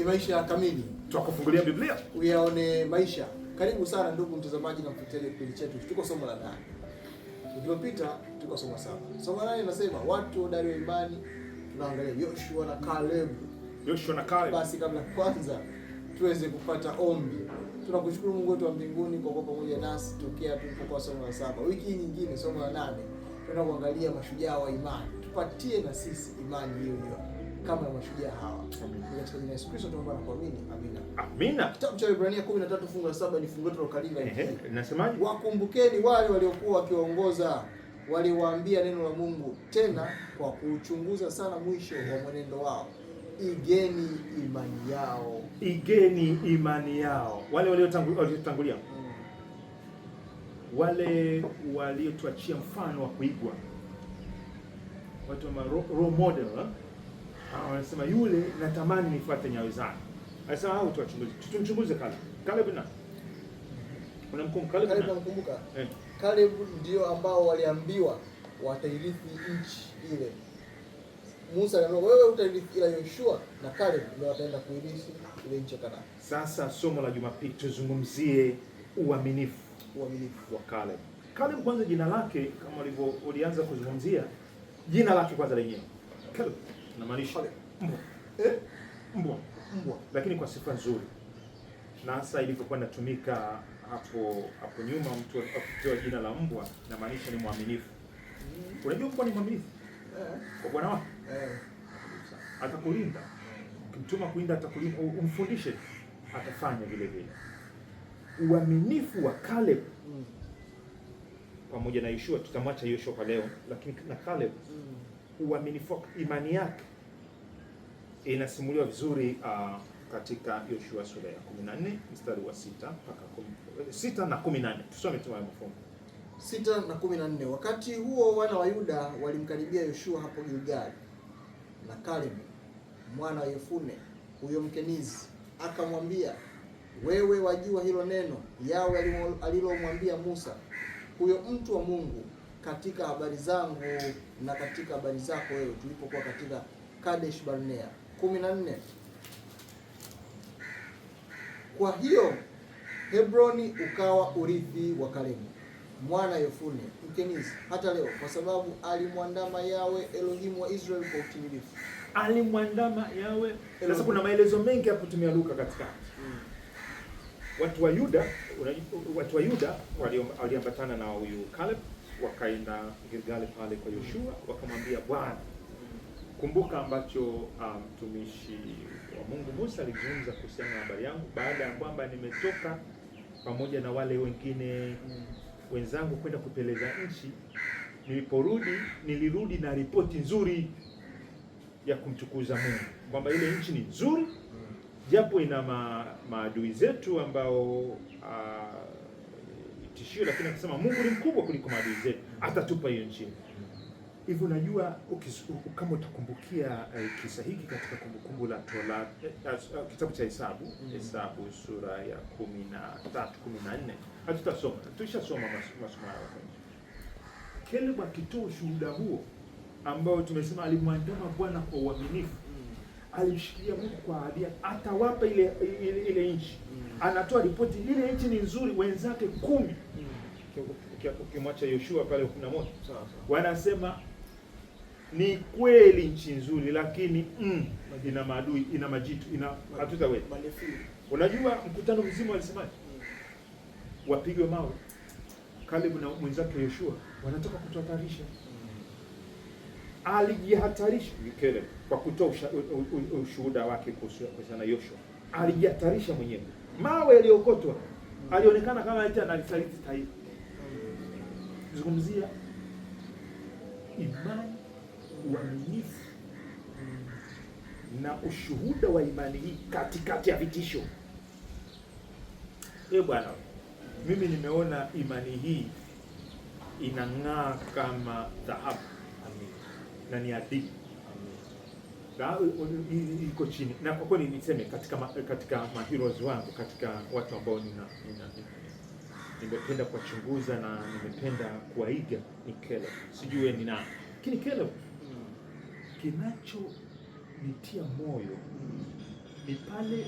ni maisha kamili, twakufungulia Biblia uyaone maisha. Karibu sana ndugu mtazamaji na mfuatiliaji kipindi chetu, tuko somo la nane uliopita tuko somo saba. Somo nane nasema watu hodari wa imani, tunaangalia Yoshua na Kalebu. Yoshua na Kalebu. Basi kabla kwanza tuweze kupata ombi, tunakushukuru Mungu wetu wa mbinguni kwa kuwa pamoja nasi tokea tulipokuwa somo la saba. Wiki nyingine somo la nane tunakuangalia mashujaa wa imani, tupatie na sisi imani hiyo hiyo kama ya mashujaa hawa. Amina. Katika jina Yesu Kristo tunaomba na kuamini. Amina. Amina. Kitabu cha Ibrania 13 fungu la 7 ni fungu letu la kalila. Ehe, nasemaje? Wakumbukeni wale waliokuwa wakiongoza waliwaambia neno la Mungu tena kwa kuchunguza sana mwisho wa mwenendo wao. Igeni imani yao. Igeni imani yao. Wale waliotangulia hmm. Wale waliotuachia mfano wa kuigwa. Watu wa role model. Eh? Ah, wanasema yule natamani nifuate nyayo zake. Anasema hao ah, tuwachunguze. Tutumchunguze kale kale na. kuna Caleb? kale kale, nakumbuka kale eh. ndio ambao waliambiwa watairithi nchi ile. Musa anamwambia wewe utairithi ila Yoshua na kale ndio wataenda kuirithi ile nchi kana. Sasa somo la Jumapili tuzungumzie uaminifu, uaminifu wa kale kale. kwanza jina lake kama ulivyo ulianza kuzungumzia jina lake kwanza lenyewe. kale namaanisha eh? mbwa mbwa lakini kwa sifa nzuri, na hasa ilivyokuwa inatumika hapo hapo nyuma, mtu akipewa jina la mbwa namaanisha ni mwaminifu. Mm. Unajua mbwa ni mwaminifu eh. kwa bwana wake, eh. atakulinda. Ukimtuma kuinda, atakulinda. Umfundishe, atafanya vile vile. Uaminifu wa Caleb mm. pamoja na Yoshua, tutamwacha Yoshua kwa leo, lakini na Caleb, mm. uaminifu, imani yake inasimuliwa vizuri uh, katika Yoshua sura ya 14 mstari wa 6 mpaka sita na 14. Tusome tu haya mafungu 6 na 14. Wakati huo wana wa Yuda walimkaribia Yoshua hapo Gilgal na Kalebu mwana wa Yefune huyo Mkenizi akamwambia, wewe wajua hilo neno Yawe alilomwambia Musa huyo mtu wa Mungu katika habari zangu na katika habari zako wewe, tulipokuwa katika Kadesh Barnea kumi na nne. Kwa hiyo Hebroni ukawa urithi wa Kalebu mwana Yefune Mkenizi hata leo, kwa sababu alimwandama Yawe Elohimu wa Israeli kwa utimilifu. Alimwandama Yawe. Sasa kuna maelezo mengi ya kutumia Luka katika hmm. watu wa Yuda, watu wa Yuda waliambatana na huyu Caleb wakaenda Gilgali pale kwa Yoshua, wakamwambia Bwana Kumbuka ambacho ah, mtumishi um, wa Mungu Musa alizungumza kuhusiana na habari yangu, baada ya kwamba nimetoka pamoja na wale wengine wenzangu kwenda kupeleza nchi. Niliporudi, nilirudi na ripoti nzuri ya kumtukuza Mungu kwamba ile nchi ni nzuri, japo ina ma, maadui zetu ambao uh, tishio, lakini akasema Mungu ni mkubwa kuliko maadui zetu, atatupa hiyo nchi hivi unajua, kama utakumbukia uh, kisa hiki katika kumbukumbu la tola uh, eh, uh, kitabu cha Hesabu mm. Hesabu sura ya kumi na tatu kumi na nne hatutasoma, tulishasoma masomo hayo. Caleb akitoa ushuhuda huo ambao tumesema alimwandama Bwana kwa uaminifu mm. alimshikilia Mungu kwa ahadi, atawapa ile ile, ile nchi mm. anatoa ripoti, ile nchi ni nzuri, wenzake kumi mm. Yoshua pale kumi na moja wanasema ni kweli nchi nzuri, lakini mm, ina maadui, ina majitu, ina hatutaweza. Unajua mkutano mzima walisemaje? Wapigwe mawe. Kalebu na mwenzake Yoshua wanataka kutuhatarisha. Alijihatarisha Caleb kwa kutoa ushuhuda wake kuhusiana na Yoshua, alijihatarisha mwenyewe. Mawe yaliokotwa, alionekana kama eti analisaliti taifa. Zungumzia imani uaminifu na ushuhuda wa imani hii katikati ya vitisho. Ee Bwana, mimi nimeona imani hii inang'aa kama dhahabu na ni adimu iko chini na kwa kweli niseme, katika ma, katika maheroes wangu, katika watu ambao nina, nina, nimependa kuwachunguza na nimependa kuwaiga ni Caleb, sijui wewe ni nani, lakini Caleb kinachonitia moyo ni pale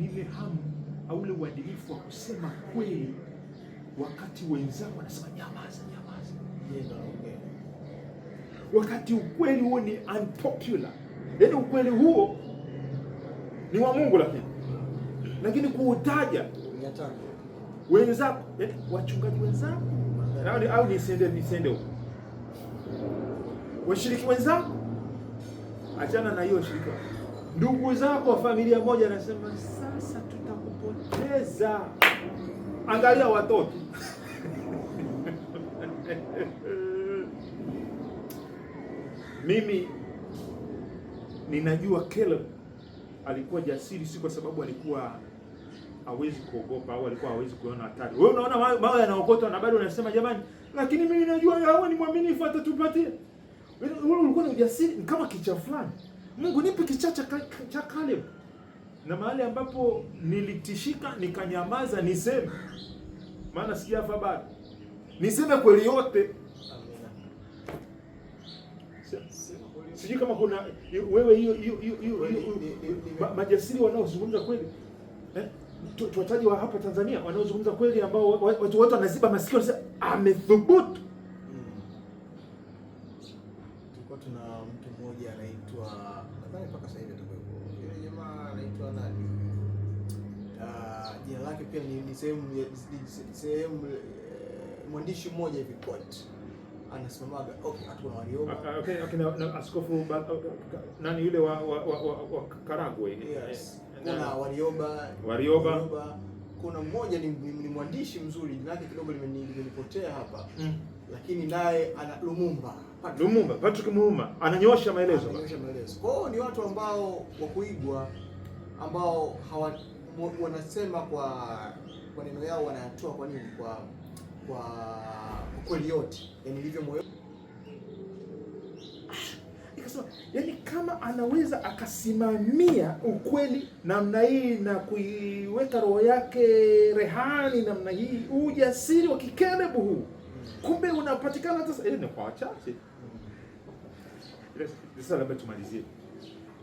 ni ile hamu au ule uadilifu wa kusema kweli wakati wenzangu wanasema nyamaza, nyamaza, wakati ukweli huo ni unpopular, yaani ukweli huo ni wa Mungu, lakini lakini kuutaja wenzako, yaani wachungaji wenzako, yaani au nisiende huko washiriki wenzako, achana na hiyo shirika, ndugu zako, familia moja, anasema sasa tutakupoteza. Angalia watoto mimi ninajua Caleb alikuwa jasiri, si kwa sababu alikuwa hawezi kuogopa au alikuwa hawezi kuona hatari. Wewe unaona mawe yanaokotwa na bado unasema jamani, lakini mimi najua hawa ni mwaminifu atatupatia Yaani wewe ulikuwa na ujasiri kama kichaa fulani. Mungu nipe kichaa cha Caleb. Na mahali ambapo nilitishika nikanyamaza niseme. Maana sikia bado. Niseme kweli yote. Sijui kama kuna wewe hiyo hiyo hiyo majasiri wanaozungumza kweli. Eh? Tuwataji wa hapa Tanzania wanaozungumza kweli ambao watu wote wanaziba masikio wanasema amethubutu. tuna mtu mmoja anaitwa nadhani mpaka sasa hivi atakuwa yule jamaa anaitwa nani, ah, jina lake pia ni sehemu sehemu eh, mwandishi mmoja hivi quote anasimamaga okay, hatuna Warioba. Ah, ah, okay, okay, na, na askofu nani yule wa wa, wa, wa Karagwe. Yes. Eh, eh, Kuna Warioba, Warioba. Warioba. Kuna mmoja ni, ni, ni mwandishi mzuri, jina lake kidogo limenipotea hapa. Mm. Lakini naye ana Lumumba Lumumba, Patrick Lumumba ananyosha maelezo. Ananyosha maelezo. Kwa hiyo ni watu ambao wa kuigwa ambao hawa, wanasema kwa kwa neno yao wanayatoa kwa nini kwa kwa kweli yote. Yaani ilivyo moyo. Ah, ikasema, yaani kama anaweza akasimamia ukweli namna hii na kuiweka roho yake rehani namna hii, ujasiri wa kikerebu huu kumbe unapatikana sasa. Ile eh, ni kwa wachache. Sasa labda tumalizie,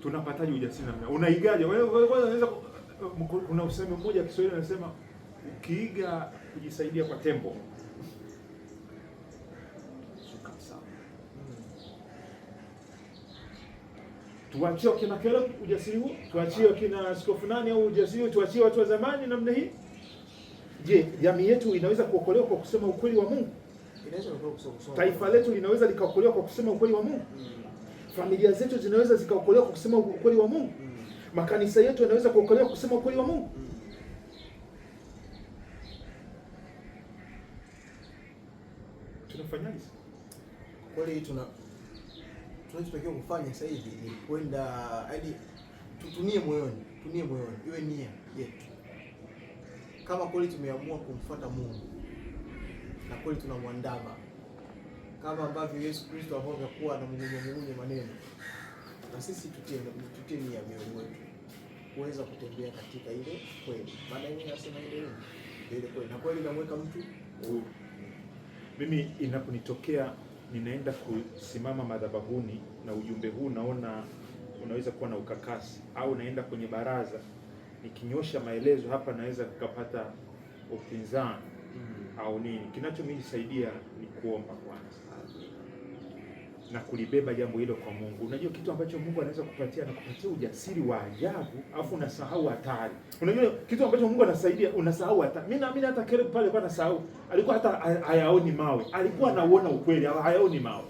tunapataje ujasiri namna, unaigaje Unaweza, kuna usemi mmoja Kiswahili anasema ukiiga kujisaidia kwa tembo tuachie wakina kero ujasiri huu, tuachie wakina askofu nani au ujasiri huu, tuachie watu wa zamani namna hii. Je, jamii yetu inaweza kuokolewa kwa kusema ukweli wa Mungu? Taifa letu linaweza likaokolewa kwa kusema ukweli wa Mungu. Mm. Familia zetu zinaweza zikaokolewa kwa kusema ukweli wa Mungu. Mm. Makanisa yetu yanaweza kuokolewa kwa kusema ukweli wa Mungu. Mm. Tunafanyaje? Kweli tuna tunachotakiwa kufanya sasa hivi ni kwenda hadi yaani tutumie moyoni, tutumie moyoni, iwe nia yetu, kama kweli tumeamua kumfuata Mungu kweli tunamwandama kama ambavyo Yesu Kristo ambao kuwa na mgumu mgumu maneno, na sisi tutie tutie nia mioyo mwetu kuweza kutembea katika ile kweli, maana yeye anasema ile ile ile kweli, na kweli inamweka mtu huru. Mimi inaponitokea ninaenda kusimama madhabahuni na ujumbe huu naona unaweza kuwa na ukakasi, au naenda kwenye baraza nikinyosha maelezo hapa, naweza kukapata upinzani au nini. Kinachonisaidia ni kuomba kwanza na kulibeba jambo hilo kwa Mungu. Unajua kitu ambacho Mungu anaweza kupatia na kupatia ujasiri wa ajabu, afu unasahau hatari. Unajua kitu ambacho Mungu anasaidia unasahau hatari. Mimi naamini hata Caleb pale kwa nasahau, alikuwa hata hayaoni mawe, alikuwa anauona ukweli, hayaoni mawe.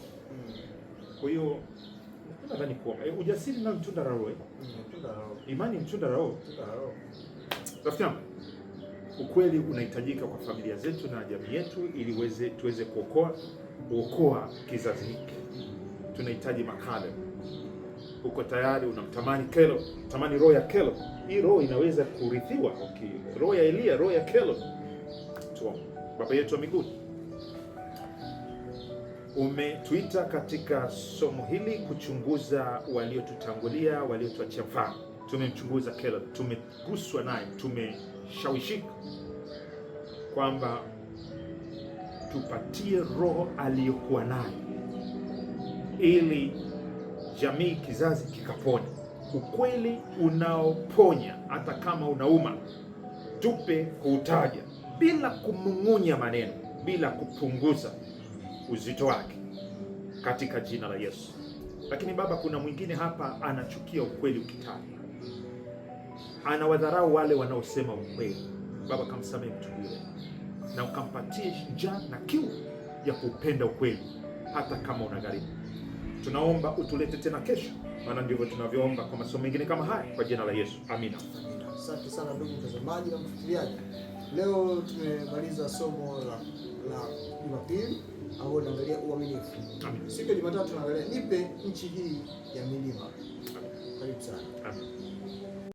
Kwa hiyo nadhani kuomba eh, ujasiri na mtunda roho, imani mtunda roho, rafiki yangu ukweli unahitajika kwa familia zetu na jamii yetu, ili weze, tuweze kuokoa kuokoa kizazi hiki. Tunahitaji makale. Uko tayari? Unamtamani kelo, tamani roho ya kelo. Hii roho inaweza kurithiwa, okay. Roho ya Elia, roho ya kelo. Tuombe. Baba yetu wa mbinguni, umetuita katika somo hili kuchunguza waliotutangulia, waliotuachia mfano tumemchunguza Caleb, tumeguswa naye, tumeshawishika kwamba tupatie roho aliyokuwa naye ili jamii, kizazi kikapona. Ukweli unaoponya hata kama unauma, tupe kuutaja bila kumung'unya maneno, bila kupunguza uzito wake, katika jina la Yesu. Lakini Baba, kuna mwingine hapa anachukia ukweli ukitajwa anawadharau wale wanaosema ukweli. Baba, kamsamehe mtu yule na ukampatie njaa na kiu ya kupenda ukweli, hata kama unagharimu. Tunaomba utulete tena kesho, maana ndivyo tunavyoomba kwa masomo mengine kama haya, kwa jina la Yesu, amina. Asante sana ndugu mtazamaji na mfuatiliaji, leo tumemaliza somo la la Jumapili ambao tunaangalia uaminifu. Siku ya Jumatatu tunaangalia nipe nchi hii ya milima. Karibu sana.